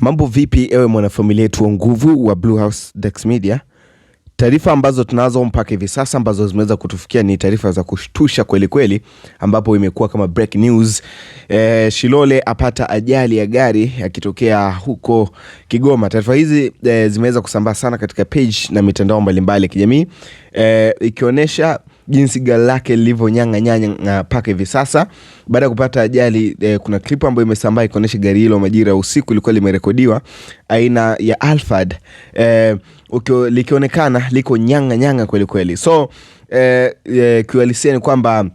Mambo vipi ewe mwanafamilia yetu wa nguvu wa Blue House Dax Media. Taarifa ambazo tunazo mpaka hivi sasa ambazo zimeweza kutufikia ni taarifa za kushtusha kweli kweli, ambapo imekuwa kama break news. E, Shilole apata ajali ya gari akitokea huko Kigoma. Taarifa hizi e, zimeweza kusambaa sana katika page na mitandao mbalimbali ya kijamii e, ikionyesha jinsi gari lake lilivyonyang'anyang'a mpaka hivi sasa. Baada ya kupata ajali eh, kuna klipu ambayo imesambaa ikionyesha gari hilo majira ya usiku ilikuwa limerekodiwa aina ya Alphard eh, likionekana liko nyanga nyanga kwelikweli. So eh, eh, kiuhalisia ni kwamba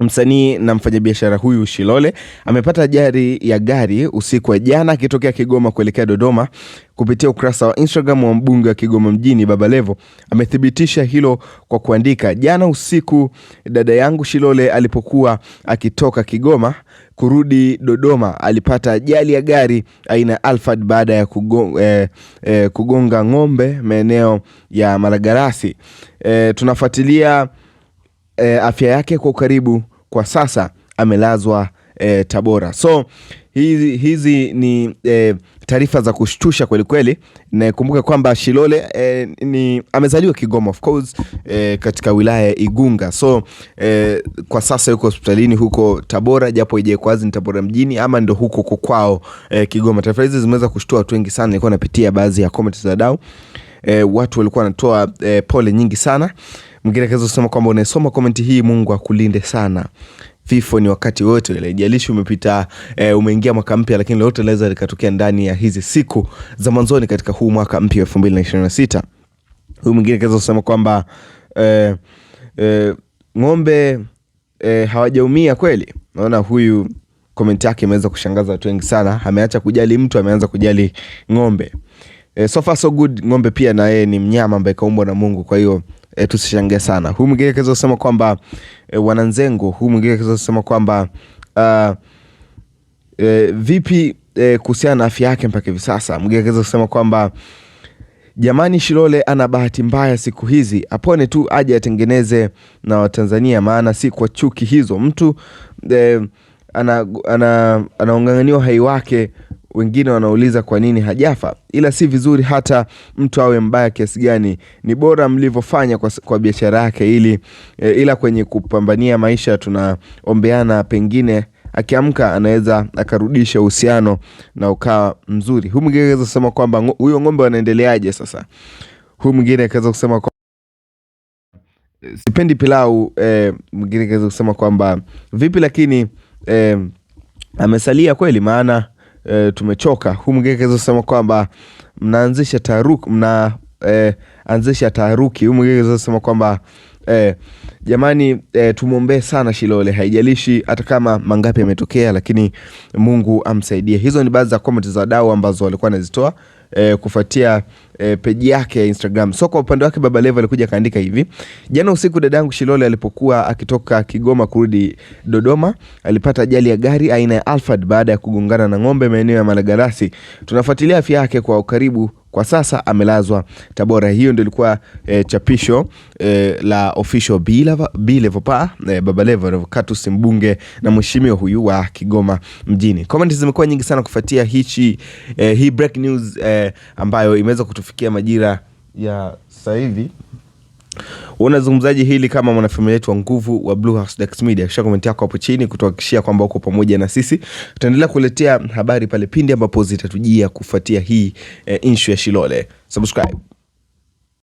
Msanii na mfanyabiashara huyu Shilole amepata ajali ya gari usiku wa jana akitokea Kigoma kuelekea Dodoma. Kupitia ukurasa wa Instagram wa mbunge wa Kigoma mjini Baba Levo amethibitisha hilo kwa kuandika, jana usiku dada yangu Shilole alipokuwa akitoka Kigoma kurudi Dodoma alipata ajali ya gari aina ya Alphard baada ya kugonga, eh, eh, kugonga ng'ombe maeneo ya Maragarasi. Eh, tunafuatilia eh, afya yake kwa ukaribu kwa sasa amelazwa eh, Tabora. So hizi, hizi ni eh, taarifa za kushtusha kweli kweli. Nakumbuka kwamba Shilole eh, ni amezaliwa Kigoma of course eh, katika wilaya ya Igunga. So eh, kwa sasa yuko hospitalini huko Tabora, japo ijaekwazi ni Tabora mjini ama ndo huko kwao eh, Kigoma. Taarifa hizi zimeweza kushtua watu wengi sana. Nilikuwa napitia baadhi ya comments za dau eh, watu walikuwa wanatoa eh, pole nyingi sana Mwingine akaweza kusema kwamba unaisoma komenti hii, Mungu akulinde sana. Vifo ni wakati wote ule, jalishi umepita e, umeingia mwaka mpya, lakini lolote linaweza likatokea ndani ya hizi siku za mwanzoni katika huu mwaka mpya elfu mbili na ishirini na sita. Huyu mwingine akaweza kusema kwamba e, e, ng'ombe e, hawajaumia kweli. Naona huyu komenti yake imeweza kushangaza watu wengi sana. Ameacha kujali mtu, ameanza kujali ng'ombe. E, so far so good. Ng'ombe pia na yeye ni mnyama ambaye kaumbwa na Mungu, kwa hiyo e, eh, tusishangae sana. Huyu mwingine kaweza kusema kwamba e, eh, wananzengo. Huyu mwingine kaweza kusema kwamba uh, e, vipi e, kuhusiana na afya yake mpaka hivi sasa. Mwingine kaweza kusema kwamba jamani, Shilole ana bahati mbaya siku hizi, apone tu aje atengeneze na Watanzania, maana si kwa chuki hizo mtu e, ana, ana, anaong'ang'ania uhai wake wengine wanauliza kwa nini hajafa, ila si vizuri hata mtu awe mbaya kiasi gani. Ni bora mlivyofanya kwa, kwa biashara yake ili e, ila kwenye kupambania maisha tunaombeana, pengine akiamka anaweza akarudisha uhusiano na ukawa mzuri. Huyu mwingine akaweza kusema kwamba huyo ng'ombe wanaendeleaje sasa. Huyu mwingine akaweza kusema kwa sipendi pilau eh. Mwingine kaweza kusema kwamba vipi, lakini eh, amesalia kweli maana e, tumechoka. Huu mwingine kaweza kwamba mnaanzisha taruk mnaanzisha eh, e, taharuki. Huu mwingine kaweza kwamba e, jamani e, tumwombee sana Shilole, haijalishi hata kama mangapi ametokea lakini Mungu amsaidie. Hizo ni baadhi za komenti za wadau ambazo walikuwa wanazitoa eh, kufuatia eh, peji yake ya Instagram. So kwa upande wake Baba Levo alikuja kaandika hivi: jana usiku dadangu Shilole alipokuwa akitoka Kigoma kurudi Dodoma alipata ajali ya gari aina ya Alphard baada ya kugongana na ng'ombe maeneo ya Malagarasi. Tunafuatilia afya yake kwa ukaribu kwa sasa amelazwa Tabora. Hiyo ndio ilikuwa e, chapisho e, la official Bilevo pa e, Baba Levo mbunge na mheshimiwa huyu wa Kigoma mjini. Comment zimekuwa nyingi sana kufuatia hichi e, hii break news e, ambayo imeweza kutufikia majira ya sasa hivi. Unazungumzaji hili kama mwanafamilia yetu wa nguvu wa Blue Dax Media, kisha komenti yako hapo chini kutuhakikishia kwamba uko pamoja na sisi. Tutaendelea kuletea habari pale pindi ambapo zitatujia kufuatia hii eh, issue ya Shilole. Subscribe.